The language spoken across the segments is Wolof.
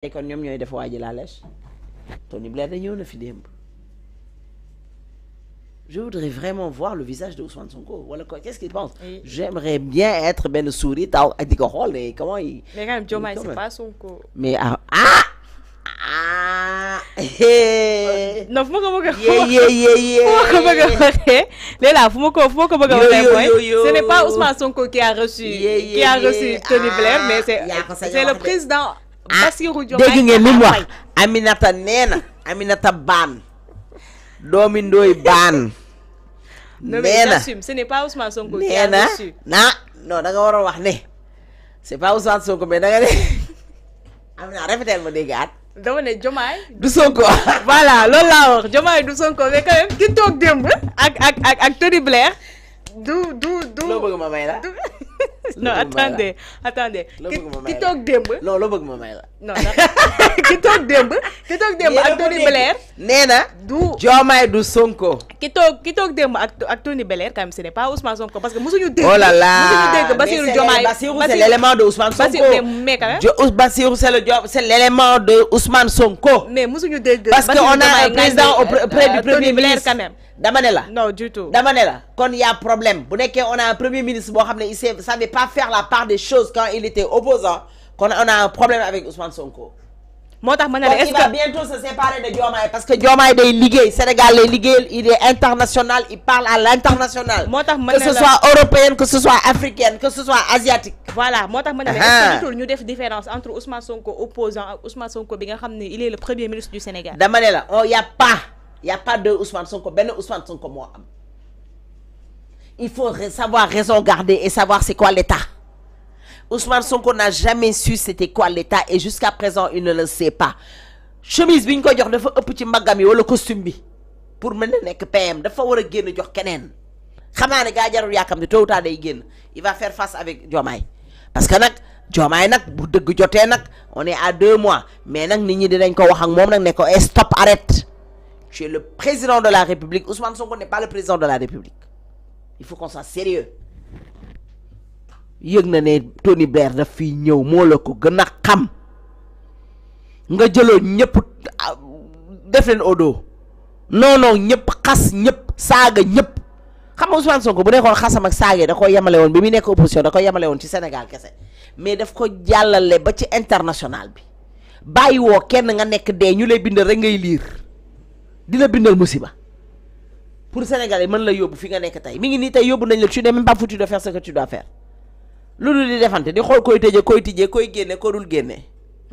tey kon nous ñooy def waa la lèche Tony Blair est ñëw na fi je voudrais vraiment voir le visage de Ousmane Sonko Voilà quoi qu'est-ce qu'il pense. j'aimerais bien être Ben Souri. taw ak di comment il. mais quand même Diomaye c'est pas Sonko. mais ah ah. ah eh, eh. non fu ma ko bëgg a. yeyeyeye fu ma ko bëgg a waxee. léegi fu ma ko fu ma bëgg a waxee ce n'est pas Ousmane Sonko qui a reçu. qui a reçu Tony Blair ah, mais c'est c'est le président. Ah, Bassirou Diomaye dégg ngeen wax Aminata nee Aminata Baan doomi Ndoye Baan. nee na ce n'est a ah, war wax ne c'est pas Ousmane Sonko mais da nga ne Amina rafetal ma déggaat. dama ne Diomaye du Sonko voilà loolu laa wax Diomaye du Sonko mais quand ki toog démb ak ak Tony Blair du du du loo bëgg ma la. non attendez attendez ki toog démb la non ki toog démb ki Anthony Blair nee na du Diomaye du Sonko Qui toog qui toog dem ak ak Tony Belair quand même ce n'est pas Ousmane Sonko parce que musuñu dégg. oh là là musuñu Diomaye Basirou c'est l'élément de Ousmane Sonko mais quand même Bassirou c'est le c'est l'élément de Ousmane Sonko. mais musuñu dégg parce que on a un président auprès euh, du premier ministre quand même dama la non du tout dama quand la y a problème bu nekkee on a un premier ministre boo il ne savait pas faire la part des choses quand il était opposant Quand on a un problème avec Ousmane Sonko motax il est-ce que bientôt se séparer de Diomaye parce que Diomaye day le Sénégal est ligué, il est international il parle à l'international. que ce soit européenne que ce soit africaine que ce soit asiatique. voilà motax y uh-huh. est-ce que différence entre Ousmane Sonko opposant Ousmane Sonko il est le premier ministre du Sénégal. Il n'y la oh, y a pas y a pas Ousmane Sonko ben Ousmane Sonko il faut savoir raison garder et savoir c'est quoi l'État. Ousmane Sonko n'a jamais su c'était quoi l'état et jusqu'à présent il ne le sait pas chemise biñ ko jox dafa ëpp ci mbaggam wala costume pour mener nek PM dafa wara a jox keneen xam ga ne jarul day il va faire face avec Diomaye parce que n'ak Diomaye n'ak bu deug joté n'ak on est à deux mois mais n'ak nit ñi dinañ ko wax ak eh, stop arrête tu es le président de la République Ousmane Sonko n'est pas le président de la République il faut qu'on soit sérieux yëg na ne Tony Blair da fi ñëw moo la ko gën a xam nga jëloon ñëpp ah, def leen odo non non ñëpp xas ñëpp saaga ñëpp xam nga Ousmane Sonko bu nekkoon xasam ak saagee da ko yemale woon bi mi nekk opposition da ko yemale woon ci Sénégal kese mais daf ko jàllale ba ci international bi bàyyi woo kenn nga nekk dee ñu lay bind rek ngay lire di sana bindal musiba pour Sénégalais mën la yóbbu fi nga nekk tey mi ngi nii tey yóbbu nañ la tu n'es même pas foutu de faire ce que tu dois faire loolu di defante di xool koy tëje koy tijjee koy génne ko dul génne.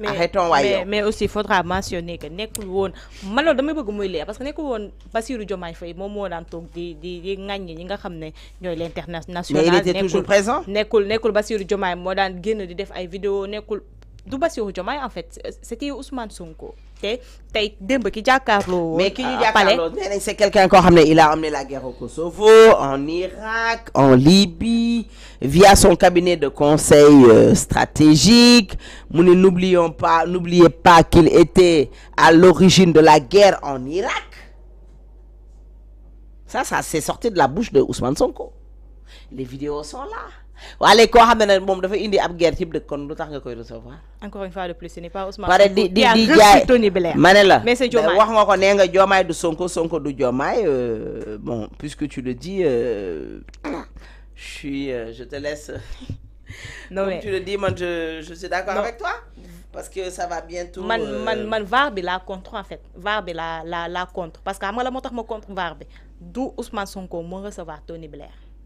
arrêtons waay mais mais aussi faudra mentionner que nekkul woon man loolu damay bëgg muy leer parce que nekkul woon Bassirou Diomaye fay moom moo daan toog di di di ŋàññi ñi nga xam ne ñooy l'international. mais il était toujours présent nekkul nekkul Bassirou Diomaye moo daan génn di def ay vidéo nekkul en fait euh, c'était Ousmane Sonko mais euh, c'est quelqu'un il a amené la guerre au Kosovo en Irak en Libye via son cabinet de conseil euh, stratégique Nous n'oublions pas n'oubliez pas qu'il était à l'origine de la guerre en Irak ça ça s'est sorti de la bouche de Ousmane Sonko les vidéos sont là Allez, quoi, koo xam ne moom dafa indi ab guerre cib dëkk kon lu nga koy recevoir. encore une fois de plus ce n'est pas Ousmane. pare di di di jaay ma ne mais c'est Diomaye wax nga ko nee nga Diomaye du Sonko Sonko du Diomaye euh, bon puisque tu le dis euh, je suis euh, je te laisse. non mais tu le dis man je je suis d'accord avec toi. parce que ça va bientôt. man man man la contre en fait Varbe la la la contre parce que moi nga la montre tax ma contre varbe. D'où du Ousmane Sonko moi recevoir Tony Blair.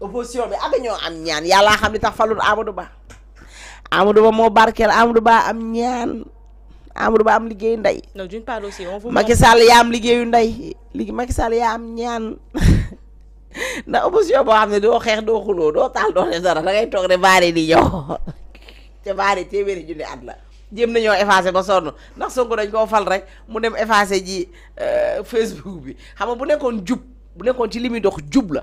opposition bi ak ñoo am ñaan yàllaa xam li tax falul Amadou Ba Amadou Ba moo barkeel Amadou Ba am ñaan Amadou Ba am liggéeyu ndey. non yaa am li Macky Sall ñaan ndax opposition boo xam ne doo xeex doo xuloo doo taal doo def dara da ngay toog de ndax Sonko dañ rek mu dem effacé ji euh, Facebook bi xam nga bu nekkoon jub bu nekkoon ci li muy dox jub la.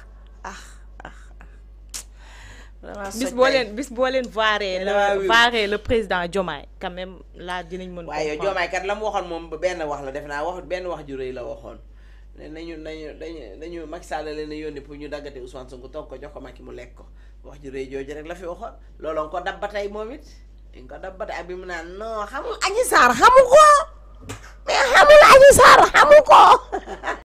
bis boo leen bis boo leen vaaree le président Diomaye quand même laa dinañ mën waaye yow Diomaye kat la mu waxoon moom benn wax la def naa wax benn wax ju rëy la waxoon ne nañu nañu dañu dañu Macky Sall leen yónni pour ñu daggate Ousmane Sonko toog ko jox ko Macky mu lekk ko wax ju rëy jooju rek la fi waxoon looloo ko dab ba tey moom it nga ko dab ba tey bi mu naan non xamul Adji Sarr xamu ko mais xamul Adji Sarr xamu ko